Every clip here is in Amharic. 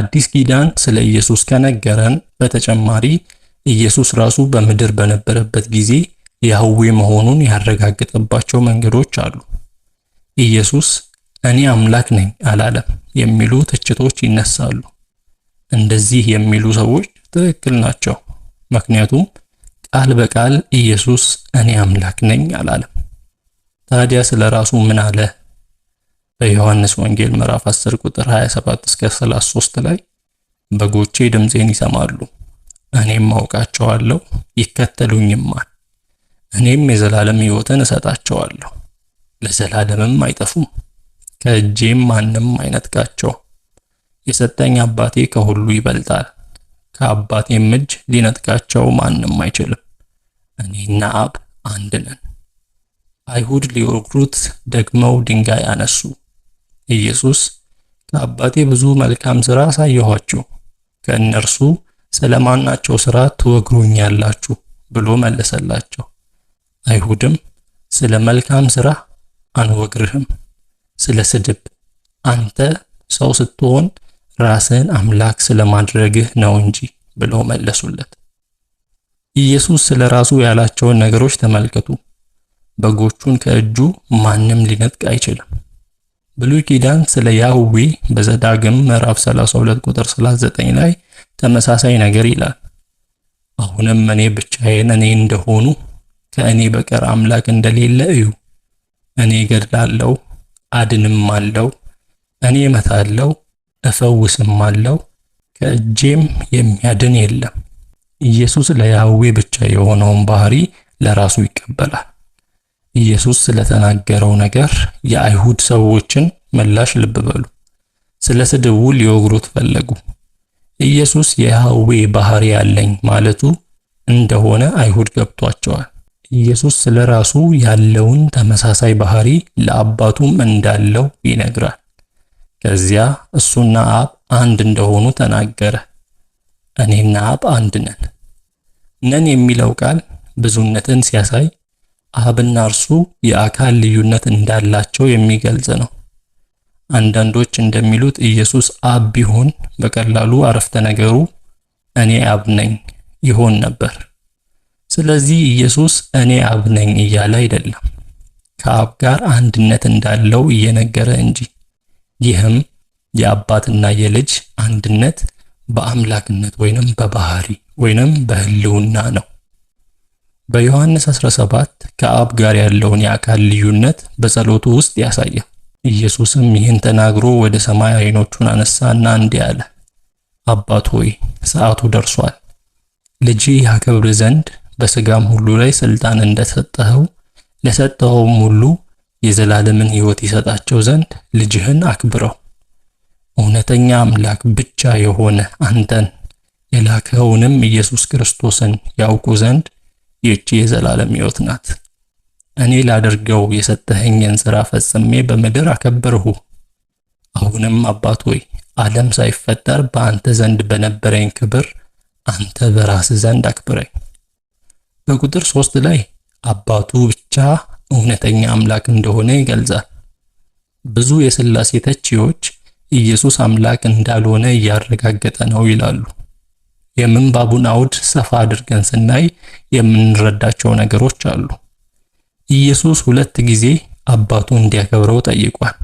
አዲስ ኪዳን ስለ ኢየሱስ ከነገረን በተጨማሪ ኢየሱስ ራሱ በምድር በነበረበት ጊዜ ያህዌ መሆኑን ያረጋገጠባቸው መንገዶች አሉ። ኢየሱስ እኔ አምላክ ነኝ አላለም የሚሉ ትችቶች ይነሳሉ። እንደዚህ የሚሉ ሰዎች ትክክል ናቸው። ምክንያቱም ቃል በቃል ኢየሱስ እኔ አምላክ ነኝ አላለም። ታዲያ ስለ ራሱ ምን አለ በዮሐንስ ወንጌል ምዕራፍ 10 ቁጥር 27 እስከ 33 ላይ በጎቼ ድምፄን ይሰማሉ፣ እኔም አውቃቸዋለሁ፣ ይከተሉኝማል፣ እኔም የዘላለም ሕይወትን እሰጣቸዋለሁ፣ ለዘላለምም አይጠፉም፣ ከእጄም ማንም አይነጥቃቸው የሰጠኝ አባቴ ከሁሉ ይበልጣል፣ ከአባቴም እጅ ሊነጥቃቸው ማንም አይችልም። እኔና አብ አንድ ነን። አይሁድ ሊወግሩት ደግመው ድንጋይ አነሱ። ኢየሱስ ከአባቴ ብዙ መልካም ሥራ አሳየኋችሁ፣ ከእነርሱ ስለማናቸው ሥራ ትወግሩኛላችሁ ብሎ መለሰላቸው። አይሁድም ስለ መልካም ሥራ አንወግርህም፣ ስለ ስድብ አንተ ሰው ስትሆን ራስን አምላክ ስለማድረግህ ነው እንጂ ብለው መለሱለት። ኢየሱስ ስለ ራሱ ያላቸውን ነገሮች ተመልከቱ። በጎቹን ከእጁ ማንም ሊነጥቅ አይችልም። ብሉይ ኪዳን ስለ ያህዌ በዘዳግም ምዕራፍ 32 ቁጥር 39 ላይ ተመሳሳይ ነገር ይላል። አሁንም እኔ ብቻዬን እኔ እንደሆኑ ከእኔ በቀር አምላክ እንደሌለ እዩ። እኔ ገድላለሁ፣ አድንም አለው፣ እኔ እመታለሁ፣ እፈውስም አለው፣ ከእጄም የሚያድን የለም። ኢየሱስ ለያህዌ ብቻ የሆነውን ባህሪ ለራሱ ይቀበላል። ኢየሱስ ስለተናገረው ነገር የአይሁድ ሰዎችን ምላሽ ልብ በሉ። ስለ ስድቡ ሊወግሩት ፈለጉ። ኢየሱስ የያህዌ ባህሪ ያለኝ ማለቱ እንደሆነ አይሁድ ገብቷቸዋል። ኢየሱስ ስለ ራሱ ያለውን ተመሳሳይ ባህሪ ለአባቱም እንዳለው ይነግራል። ከዚያ እሱና አብ አንድ እንደሆኑ ተናገረ። እኔና አብ አንድ ነን። ነን የሚለው ቃል ብዙነትን ሲያሳይ አብና እርሱ የአካል ልዩነት እንዳላቸው የሚገልጽ ነው። አንዳንዶች እንደሚሉት ኢየሱስ አብ ቢሆን በቀላሉ አረፍተ ነገሩ እኔ አብ ነኝ ይሆን ነበር። ስለዚህ ኢየሱስ እኔ አብ ነኝ እያለ አይደለም፣ ከአብ ጋር አንድነት እንዳለው እየነገረ እንጂ። ይህም የአባትና የልጅ አንድነት በአምላክነት ወይንም በባህሪ ወይንም በህልውና ነው። በዮሐንስ 17 ከአብ ጋር ያለውን የአካል ልዩነት በጸሎቱ ውስጥ ያሳያል። ኢየሱስም ይህን ተናግሮ ወደ ሰማይ ዓይኖቹን አነሳና እንዲህ አለ፣ አባት ሆይ ሰዓቱ ደርሷል። ልጅ ያከብር ዘንድ በሥጋም ሁሉ ላይ ሥልጣን እንደሰጠኸው ለሰጠኸውም ሁሉ የዘላለምን ሕይወት ይሰጣቸው ዘንድ ልጅህን አክብረው። እውነተኛ አምላክ ብቻ የሆነ አንተን የላከውንም ኢየሱስ ክርስቶስን ያውቁ ዘንድ ይቺ የዘላለም ሕይወት ናት። እኔ ላደርገው የሰጠኸኝን ሥራ ፈጽሜ በምድር አከበርሁ። አሁንም አባት ሆይ ዓለም ሳይፈጠር በአንተ ዘንድ በነበረኝ ክብር አንተ በራስህ ዘንድ አክብረኝ። በቁጥር ሶስት ላይ አባቱ ብቻ እውነተኛ አምላክ እንደሆነ ይገልጻል። ብዙ የሥላሴ ተቺዎች ኢየሱስ አምላክ እንዳልሆነ እያረጋገጠ ነው ይላሉ። የምንባቡን አውድ ሰፋ አድርገን ስናይ የምንረዳቸው ነገሮች አሉ። ኢየሱስ ሁለት ጊዜ አባቱ እንዲያከብረው ጠይቋል።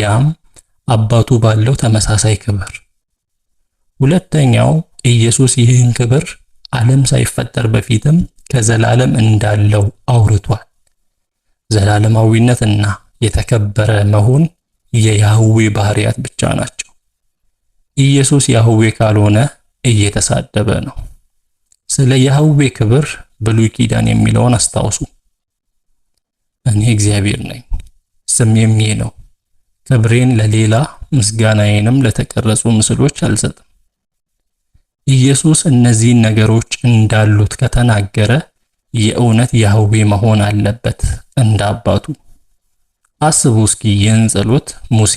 ያም አባቱ ባለው ተመሳሳይ ክብር። ሁለተኛው ኢየሱስ ይህን ክብር ዓለም ሳይፈጠር በፊትም ከዘላለም እንዳለው አውርቷል። ዘላለማዊነት እና የተከበረ መሆን የያህዌ ባህሪያት ብቻ ናቸው። ኢየሱስ ያህዌ ካልሆነ እየተሳደበ ነው። ስለ ያህዌ ክብር ብሉይ ኪዳን የሚለውን አስታውሱ። እኔ እግዚአብሔር ነኝ፣ ስሜም ይህ ነው። ክብሬን ለሌላ ምስጋናዬንም ለተቀረጹ ምስሎች አልሰጥም። ኢየሱስ እነዚህን ነገሮች እንዳሉት ከተናገረ የእውነት ያህዌ መሆን አለበት እንደ አባቱ። አስቡ እስኪ ይህን ጸሎት ሙሴ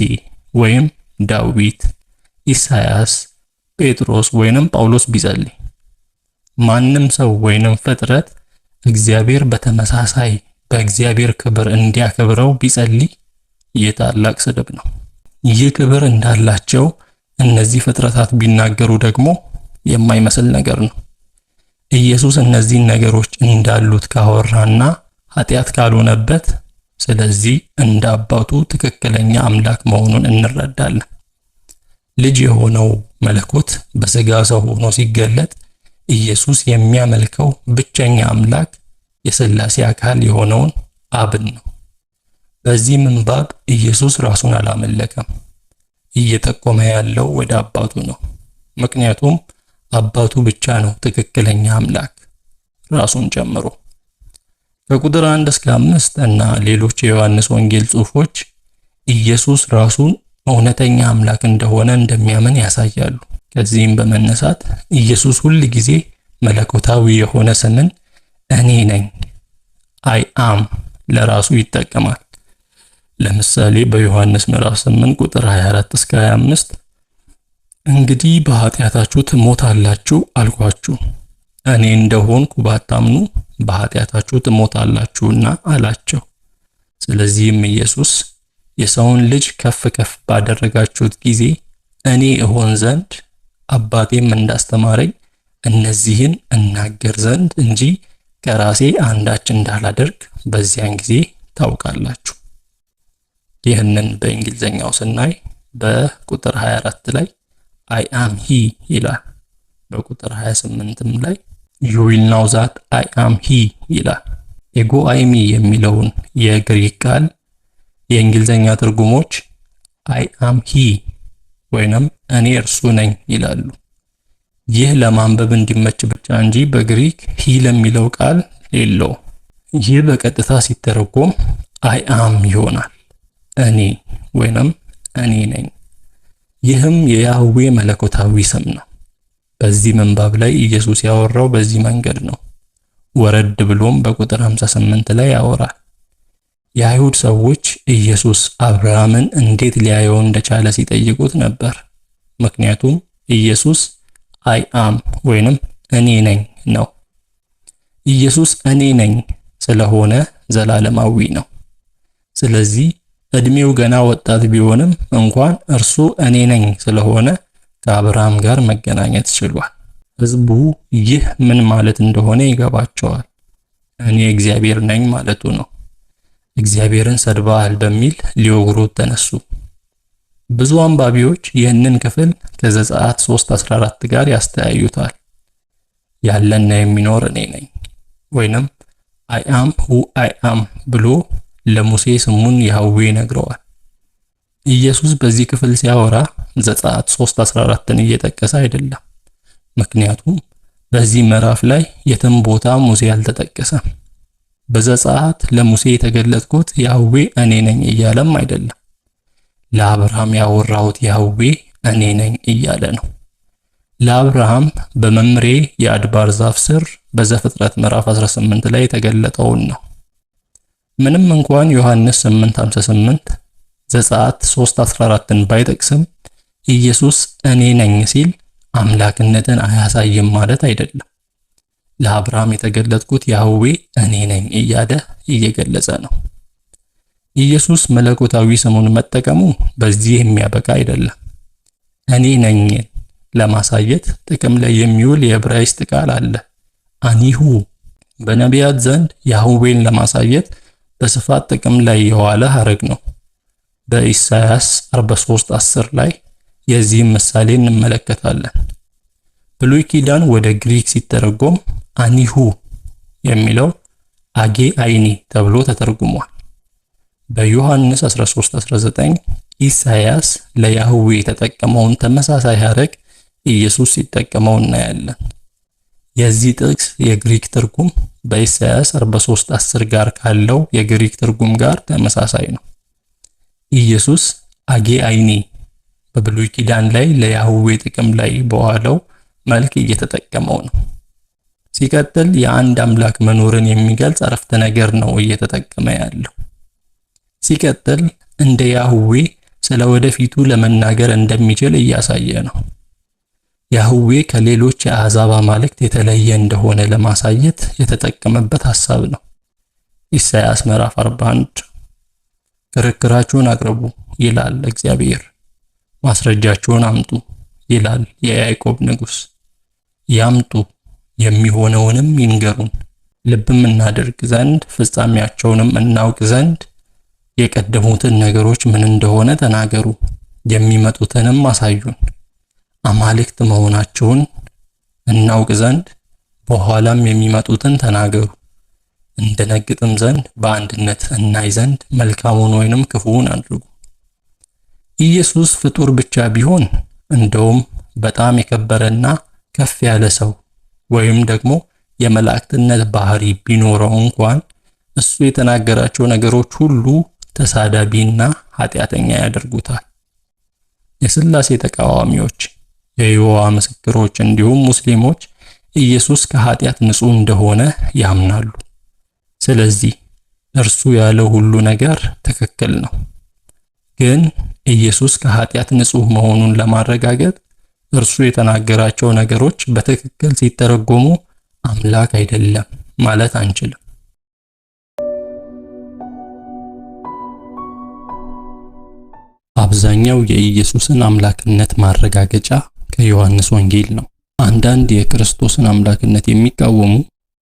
ወይም ዳዊት፣ ኢሳያስ ጴጥሮስ ወይንም ጳውሎስ ቢጸልይ ማንም ሰው ወይንም ፍጥረት እግዚአብሔር በተመሳሳይ በእግዚአብሔር ክብር እንዲያከብረው ቢጸልይ ይህ ታላቅ ስድብ ነው። ይህ ክብር እንዳላቸው እነዚህ ፍጥረታት ቢናገሩ ደግሞ የማይመስል ነገር ነው። ኢየሱስ እነዚህን ነገሮች እንዳሉት ካወራና ኃጢአት ካልሆነበት፣ ስለዚህ እንደ አባቱ ትክክለኛ አምላክ መሆኑን እንረዳለን። ልጅ የሆነው መለኮት በሥጋ ሰው ሆኖ ሲገለጥ ኢየሱስ የሚያመልከው ብቸኛ አምላክ የሥላሴ አካል የሆነውን አብን ነው። በዚህ ምንባብ ኢየሱስ ራሱን አላመለከም። እየጠቆመ ያለው ወደ አባቱ ነው። ምክንያቱም አባቱ ብቻ ነው ትክክለኛ አምላክ ራሱን ጨምሮ። ከቁጥር 1 እስከ አምስት እና ሌሎች የዮሐንስ ወንጌል ጽሑፎች ኢየሱስ ራሱን እውነተኛ አምላክ እንደሆነ እንደሚያምን ያሳያሉ። ከዚህም በመነሳት ኢየሱስ ሁል ጊዜ መለኮታዊ የሆነ ስምን እኔ ነኝ አይ አም ለራሱ ይጠቀማል። ለምሳሌ በዮሐንስ ምዕራፍ 8 ቁጥር 24 እስከ 25 እንግዲህ በኃጢአታችሁ ትሞታላችሁ አልኳችሁ እኔ እንደሆንኩ ባታምኑ በኃጢአታችሁ ትሞታላችሁና አላቸው። ስለዚህም ኢየሱስ የሰውን ልጅ ከፍ ከፍ ባደረጋችሁት ጊዜ እኔ እሆን ዘንድ አባቴም እንዳስተማረኝ እነዚህን እናገር ዘንድ እንጂ ከራሴ አንዳች እንዳላደርግ በዚያን ጊዜ ታውቃላችሁ። ይህንን በእንግሊዝኛው ስናይ በቁጥር 24 ላይ አይ አም ሂ ይላል። በቁጥር 28ም ላይ ዩ ዊል ናው ዛት አይ አም ሂ ይላል። ኤጎ አይሚ የሚለውን የግሪክ ቃል የእንግሊዝኛ ትርጉሞች አይ አም ሂ ወይንም እኔ እርሱ ነኝ ይላሉ። ይህ ለማንበብ እንዲመች ብቻ እንጂ በግሪክ ሂ ለሚለው ቃል የለው። ይህ በቀጥታ ሲተረጎም አይ አም ይሆናል፣ እኔ ወይንም እኔ ነኝ። ይህም የያህዌ መለኮታዊ ስም ነው። በዚህ ምንባብ ላይ ኢየሱስ ያወራው በዚህ መንገድ ነው። ወረድ ብሎም በቁጥር 58 ላይ ያወራል። የአይሁድ ሰዎች ኢየሱስ አብርሃምን እንዴት ሊያየው እንደቻለ ሲጠይቁት ነበር። ምክንያቱም ኢየሱስ አይ አም ወይንም እኔ ነኝ ነው። ኢየሱስ እኔ ነኝ ስለሆነ ዘላለማዊ ነው። ስለዚህ እድሜው ገና ወጣት ቢሆንም እንኳን እርሱ እኔ ነኝ ስለሆነ ከአብርሃም ጋር መገናኘት ችሏል። ህዝቡ ይህ ምን ማለት እንደሆነ ይገባቸዋል። እኔ እግዚአብሔር ነኝ ማለቱ ነው። እግዚአብሔርን ሰድባሃል በሚል ሊወግሩት ተነሱ። ብዙ አንባቢዎች ይህንን ክፍል ከዘጸአት 3:14 ጋር ያስተያዩታል። ያለና የሚኖር እኔ ነኝ ወይንም አይ አም ሁ አይ አም ብሎ ለሙሴ ስሙን ያህዌ ነግረዋል። ኢየሱስ በዚህ ክፍል ሲያወራ ዘጸአት 3:14ን እየጠቀሰ አይደለም። ምክንያቱም በዚህ ምዕራፍ ላይ የትም ቦታ ሙሴ አልተጠቀሰም። በዘጸአት ለሙሴ የተገለጥኩት ያህዌ እኔ ነኝ እያለም አይደለም። ለአብርሃም ያወራሁት ያህዌ እኔ ነኝ እያለ ነው። ለአብርሃም በመምሬ የአድባር ዛፍ ስር በዘፍጥረት ምዕራፍ 18 ላይ የተገለጠውን ነው። ምንም እንኳን ዮሐንስ 8:58 ዘጸአት 3:14ን ባይጠቅስም ኢየሱስ እኔ ነኝ ሲል አምላክነትን አያሳይም ማለት አይደለም። ለአብርሃም የተገለጥኩት ያህዌ እኔ ነኝ እያለ እየገለጸ ነው። ኢየሱስ መለኮታዊ ስሙን መጠቀሙ በዚህ የሚያበቃ አይደለም። እኔ ነኝ ለማሳየት ጥቅም ላይ የሚውል የዕብራይስጥ ቃል አለ፣ አኒሁ። በነቢያት ዘንድ ያህዌን ለማሳየት በስፋት ጥቅም ላይ የዋለ ሐረግ ነው። በኢሳያስ 43 10 ላይ የዚህም ምሳሌ እንመለከታለን። ብሉይ ኪዳን ወደ ግሪክ ሲተረጎም አኒሁ የሚለው አጌ አይኒ ተብሎ ተተርጉሟል። በዮሐንስ 13:19 ኢሳያስ ለያህዌ የተጠቀመውን ተመሳሳይ ሐረግ ኢየሱስ ሲጠቀመው እናያለን። የዚህ ጥቅስ የግሪክ ትርጉም በኢሳያስ 43:10 ጋር ካለው የግሪክ ትርጉም ጋር ተመሳሳይ ነው። ኢየሱስ አጌ አይኒ በብሉይ ኪዳን ላይ ለያህዌ ጥቅም ላይ በዋለው መልክ እየተጠቀመው ነው። ሲቀጥል የአንድ አምላክ መኖርን የሚገልጽ አረፍተ ነገር ነው እየተጠቀመ ያለው። ሲቀጥል እንደ ያህዌ ስለ ወደፊቱ ለመናገር እንደሚችል እያሳየ ነው። ያህዌ ከሌሎች የአሕዛብ አማልክት የተለየ እንደሆነ ለማሳየት የተጠቀመበት ሐሳብ ነው። ኢሳይያስ ምዕራፍ 41 ክርክራችሁን አቅርቡ ይላል እግዚአብሔር፣ ማስረጃችሁን አምጡ ይላል የያዕቆብ ንጉሥ። ያምጡ የሚሆነውንም ይንገሩን፣ ልብም እናደርግ ዘንድ ፍጻሜያቸውንም እናውቅ ዘንድ የቀደሙትን ነገሮች ምን እንደሆነ ተናገሩ፣ የሚመጡትንም አሳዩን። አማልክት መሆናችሁን እናውቅ ዘንድ በኋላም የሚመጡትን ተናገሩ፣ እንደነግጥም ዘንድ በአንድነት እናይ ዘንድ መልካሙን ወይንም ክፉውን አድርጉ። ኢየሱስ ፍጡር ብቻ ቢሆን እንደውም በጣም የከበረና ከፍ ያለ ሰው ወይም ደግሞ የመላእክትነት ባህሪ ቢኖረው እንኳን እሱ የተናገራቸው ነገሮች ሁሉ ተሳዳቢና ኃጢአተኛ ያደርጉታል። የስላሴ ተቃዋሚዎች፣ የይሖዋ ምስክሮች እንዲሁም ሙስሊሞች ኢየሱስ ከኃጢአት ንጹህ እንደሆነ ያምናሉ። ስለዚህ እርሱ ያለው ሁሉ ነገር ትክክል ነው። ግን ኢየሱስ ከኃጢአት ንጹህ መሆኑን ለማረጋገጥ እርሱ የተናገራቸው ነገሮች በትክክል ሲተረጎሙ አምላክ አይደለም ማለት አንችልም። አብዛኛው የኢየሱስን አምላክነት ማረጋገጫ ከዮሐንስ ወንጌል ነው። አንዳንድ የክርስቶስን አምላክነት የሚቃወሙ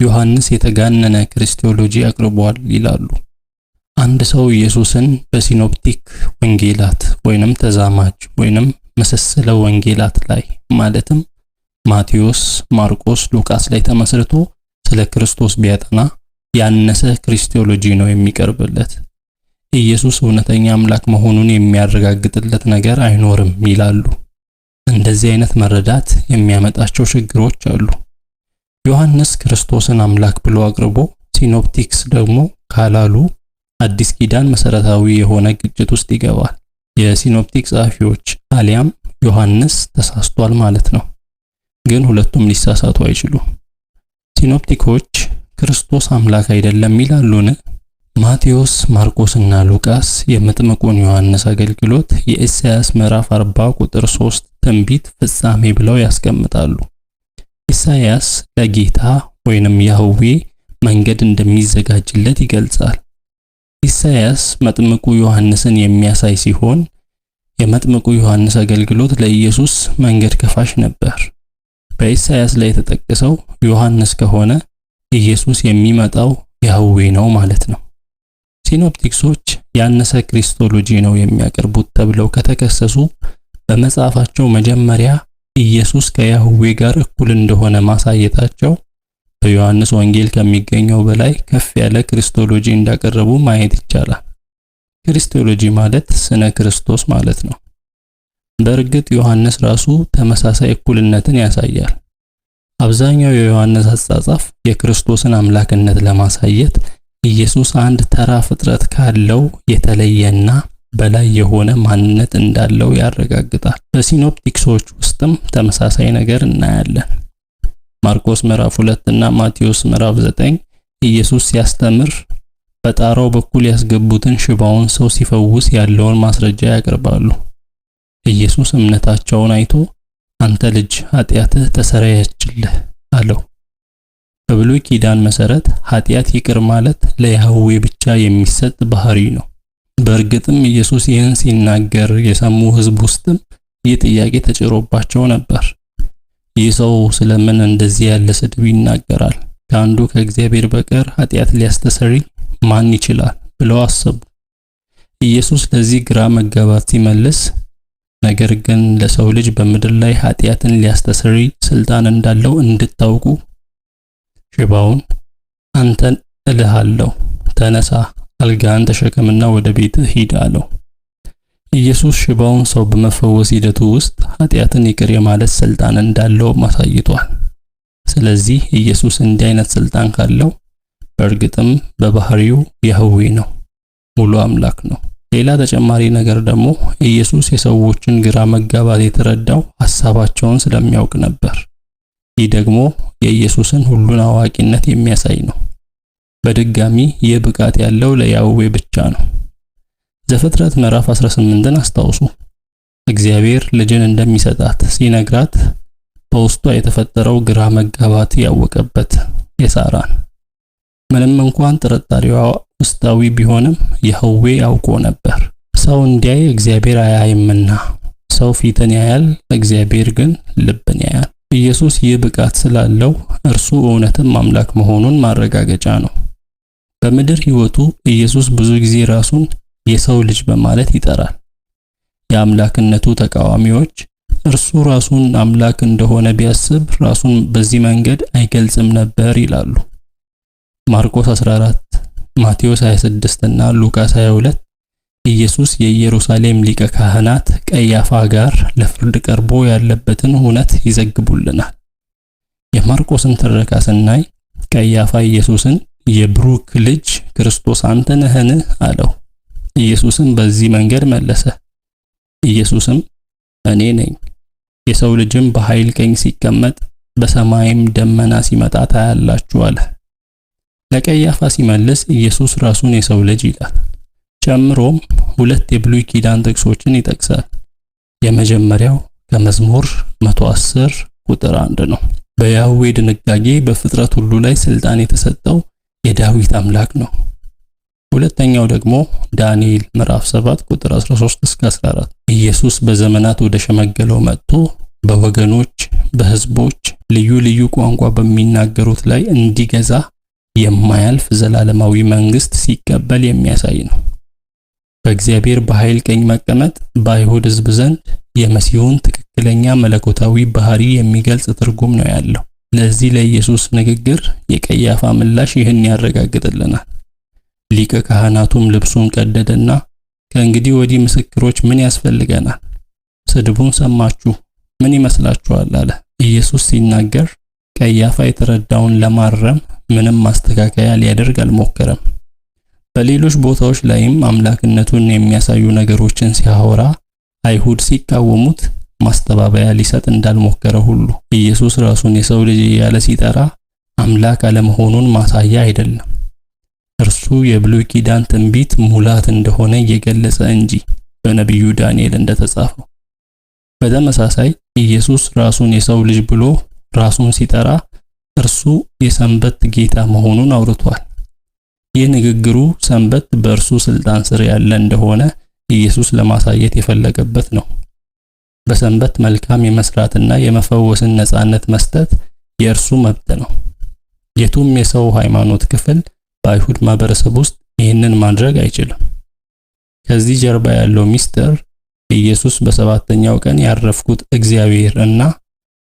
ዮሐንስ የተጋነነ ክርስቲዮሎጂ አቅርቧል ይላሉ። አንድ ሰው ኢየሱስን በሲኖፕቲክ ወንጌላት ወይንም ተዛማጅ ወይንም ምስስለ ወንጌላት ላይ ማለትም ማቴዎስ፣ ማርቆስ፣ ሉቃስ ላይ ተመስርቶ ስለ ክርስቶስ ቢያጠና ያነሰ ክርስቲዮሎጂ ነው የሚቀርብለት። ኢየሱስ እውነተኛ አምላክ መሆኑን የሚያረጋግጥለት ነገር አይኖርም ይላሉ። እንደዚህ አይነት መረዳት የሚያመጣቸው ችግሮች አሉ። ዮሐንስ ክርስቶስን አምላክ ብሎ አቅርቦ ሲኖፕቲክስ ደግሞ ካላሉ አዲስ ኪዳን መሰረታዊ የሆነ ግጭት ውስጥ ይገባል። የሲኖፕቲክ ጸሐፊዎች አሊያም ዮሐንስ ተሳስቷል ማለት ነው። ግን ሁለቱም ሊሳሳቱ አይችሉም። ሲኖፕቲኮች ክርስቶስ አምላክ አይደለም ይላሉን? ማቴዎስ፣ እና ሉቃስ የምጥምቁን ዮሐንስ አገልግሎት የኢሳያስ ምዕራፍ 40 ቁጥር 3 ትንቢት ፍጻሜ ብለው ያስቀምጣሉ። ኢሳያስ ለጌታ ወይንም ያህዌ መንገድ እንደሚዘጋጅለት ይገልጻል። ኢሳያስ መጥምቁ ዮሐንስን የሚያሳይ ሲሆን የመጥምቁ ዮሐንስ አገልግሎት ለኢየሱስ መንገድ ከፋሽ ነበር። በኢሳያስ ላይ የተጠቀሰው ዮሐንስ ከሆነ ኢየሱስ የሚመጣው ያህዌ ነው ማለት ነው። ሲኖፕቲክሶች ያነሰ ክሪስቶሎጂ ነው የሚያቀርቡት ተብለው ከተከሰሱ በመጽሐፋቸው መጀመሪያ ኢየሱስ ከያህዌ ጋር እኩል እንደሆነ ማሳየታቸው በዮሐንስ ወንጌል ከሚገኘው በላይ ከፍ ያለ ክርስቶሎጂ እንዳቀረቡ ማየት ይቻላል። ክርስቶሎጂ ማለት ስነ ክርስቶስ ማለት ነው። በእርግጥ ዮሐንስ ራሱ ተመሳሳይ እኩልነትን ያሳያል። አብዛኛው የዮሐንስ አጻጻፍ የክርስቶስን አምላክነት ለማሳየት ኢየሱስ አንድ ተራ ፍጥረት ካለው የተለየና በላይ የሆነ ማንነት እንዳለው ያረጋግጣል። በሲኖፕቲክሶች ውስጥም ተመሳሳይ ነገር እናያለን። ማርቆስ ምዕራፍ 2 እና ማቴዎስ ምዕራፍ 9 ኢየሱስ ሲያስተምር በጣራው በኩል ያስገቡትን ሽባውን ሰው ሲፈውስ ያለውን ማስረጃ ያቀርባሉ። ኢየሱስ እምነታቸውን አይቶ አንተ ልጅ ኃጢአትህ ተሰረየችልህ አለው። በብሉይ ኪዳን መሰረት ኃጢአት ይቅር ማለት ለያህዌ ብቻ የሚሰጥ ባህሪ ነው። በእርግጥም ኢየሱስ ይህን ሲናገር የሰሙ ሕዝብ ውስጥም ይህ ጥያቄ ተጭሮባቸው ነበር። ይህ ሰው ስለምን እንደዚህ ያለ ስድብ ይናገራል? ከአንዱ ከእግዚአብሔር በቀር ኃጢአት ሊያስተሰሪ ማን ይችላል? ብለው አሰቡ። ኢየሱስ ለዚህ ግራ መጋባት ሲመልስ፣ ነገር ግን ለሰው ልጅ በምድር ላይ ኃጢአትን ሊያስተሰሪ ስልጣን እንዳለው እንድታውቁ ሽባውን አንተን እልሃለሁ፣ ተነሳ፣ አልጋን ተሸከምና ወደ ቤት ሂድ አለው። ኢየሱስ ሽባውን ሰው በመፈወስ ሂደቱ ውስጥ ኃጢአትን ይቅር የማለት ስልጣን እንዳለው አሳይቷል። ስለዚህ ኢየሱስ እንዲህ አይነት ስልጣን ካለው በእርግጥም በባህሪው ያህዌ ነው፣ ሙሉ አምላክ ነው። ሌላ ተጨማሪ ነገር ደግሞ ኢየሱስ የሰዎችን ግራ መጋባት የተረዳው ሐሳባቸውን ስለሚያውቅ ነበር። ይህ ደግሞ የኢየሱስን ሁሉን አዋቂነት የሚያሳይ ነው። በድጋሚ ይህ ብቃት ያለው ለያህዌ ብቻ ነው። ዘፍጥረት ምዕራፍ 18ን አስታውሱ። እግዚአብሔር ልጅን እንደሚሰጣት ሲነግራት በውስጧ የተፈጠረው ግራ መጋባት ያወቀበት የሳራን ምንም እንኳን ጥርጣሬዋ ውስጣዊ ቢሆንም የህዌ አውቆ ነበር። ሰው እንዲያይ እግዚአብሔር አያይምና ሰው ፊትን ያያል፣ እግዚአብሔር ግን ልብን ያያል። ኢየሱስ ይህ ብቃት ስላለው እርሱ እውነትም አምላክ መሆኑን ማረጋገጫ ነው። በምድር ህይወቱ ኢየሱስ ብዙ ጊዜ ራሱን የሰው ልጅ በማለት ይጠራል። የአምላክነቱ ተቃዋሚዎች እርሱ ራሱን አምላክ እንደሆነ ቢያስብ ራሱን በዚህ መንገድ አይገልጽም ነበር ይላሉ። ማርቆስ 14፣ ማቴዎስ 26 እና ሉቃስ 22 ኢየሱስ የኢየሩሳሌም ሊቀ ካህናት ቀያፋ ጋር ለፍርድ ቀርቦ ያለበትን እውነት ይዘግቡልናል። የማርቆስን ትረካ ስናይ ቀያፋ ኢየሱስን የብሩክ ልጅ ክርስቶስ አንተ ነህን አለው። ኢየሱስም በዚህ መንገድ መለሰ። ኢየሱስም እኔ ነኝ፣ የሰው ልጅም በኃይል ቀኝ ሲቀመጥ በሰማይም ደመና ሲመጣ ታያላችሁ አለ። ለቀያፋ ሲመልስ ኢየሱስ ራሱን የሰው ልጅ ይላል። ጨምሮም ሁለት የብሉይ ኪዳን ጥቅሶችን ይጠቅሳል። የመጀመሪያው ከመዝሙር 110 ቁጥር 1 ነው። በያህዌ ድንጋጌ በፍጥረት ሁሉ ላይ ስልጣን የተሰጠው የዳዊት አምላክ ነው። ሁለተኛው ደግሞ ዳንኤል ምዕራፍ 7 ቁጥር 13 እስከ 14 ኢየሱስ በዘመናት ወደ ሸመገለው መጥቶ በወገኖች በሕዝቦች ልዩ ልዩ ቋንቋ በሚናገሩት ላይ እንዲገዛ የማያልፍ ዘላለማዊ መንግስት ሲቀበል የሚያሳይ ነው። በእግዚአብሔር በኃይል ቀኝ መቀመጥ በአይሁድ ህዝብ ዘንድ የመሲሁን ትክክለኛ መለኮታዊ ባህሪ የሚገልጽ ትርጉም ነው ያለው። ለዚህ ለኢየሱስ ንግግር የቀያፋ ምላሽ ይህን ያረጋግጥልናል። ሊቀ ካህናቱም ልብሱን ቀደደና ከእንግዲህ ወዲህ ምስክሮች ምን ያስፈልገናል? ስድቡን ሰማችሁ፣ ምን ይመስላችኋል? አለ። ኢየሱስ ሲናገር ቀያፋ የተረዳውን ለማረም ምንም ማስተካከያ ሊያደርግ አልሞከረም። በሌሎች ቦታዎች ላይም አምላክነቱን የሚያሳዩ ነገሮችን ሲያወራ አይሁድ ሲቃወሙት ማስተባበያ ሊሰጥ እንዳልሞከረ ሁሉ ኢየሱስ ራሱን የሰው ልጅ እያለ ሲጠራ አምላክ አለመሆኑን ማሳያ አይደለም። እርሱ የብሉይ ኪዳን ትንቢት ሙላት እንደሆነ እየገለጸ እንጂ በነቢዩ ዳንኤል እንደተጻፈው። በተመሳሳይ ኢየሱስ ራሱን የሰው ልጅ ብሎ ራሱን ሲጠራ እርሱ የሰንበት ጌታ መሆኑን አውርቷል። ይህ ንግግሩ ሰንበት በእርሱ ስልጣን ስር ያለ እንደሆነ ኢየሱስ ለማሳየት የፈለገበት ነው። በሰንበት መልካም የመስራትና የመፈወስን ነጻነት መስጠት የእርሱ መብት ነው። የቱም የሰው ሃይማኖት ክፍል በአይሁድ ማህበረሰብ ውስጥ ይህንን ማድረግ አይችልም። ከዚህ ጀርባ ያለው ሚስጥር ኢየሱስ በሰባተኛው ቀን ያረፍኩት እግዚአብሔር እና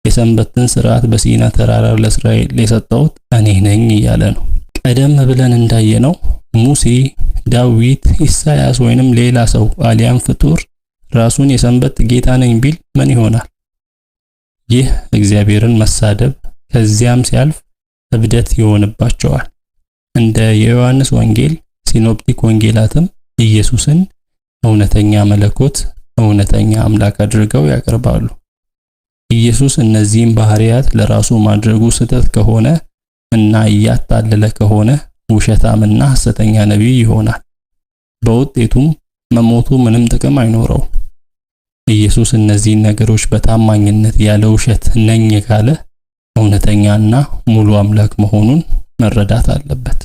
የሰንበትን ስርዓት በሲና ተራራ ለእስራኤል የሰጠሁት እኔ ነኝ እያለ ነው። ቀደም ብለን እንዳየነው ሙሴ፣ ዳዊት፣ ኢሳያስ ወይንም ሌላ ሰው አሊያም ፍጡር ራሱን የሰንበት ጌታ ነኝ ቢል ምን ይሆናል? ይህ እግዚአብሔርን መሳደብ ከዚያም ሲያልፍ እብደት ይሆንባቸዋል። እንደ የዮሐንስ ወንጌል ሲኖፕቲክ ወንጌላትም ኢየሱስን እውነተኛ መለኮት፣ እውነተኛ አምላክ አድርገው ያቀርባሉ። ኢየሱስ እነዚህን ባህሪያት ለራሱ ማድረጉ ስህተት ከሆነ እና እያታለለ ከሆነ ውሸታምና ሐሰተኛ ነቢይ ይሆናል። በውጤቱም መሞቱ ምንም ጥቅም አይኖረው። ኢየሱስ እነዚህን ነገሮች በታማኝነት ያለ ውሸት ነኝ ካለ እውነተኛና ሙሉ አምላክ መሆኑን መረዳት አለበት።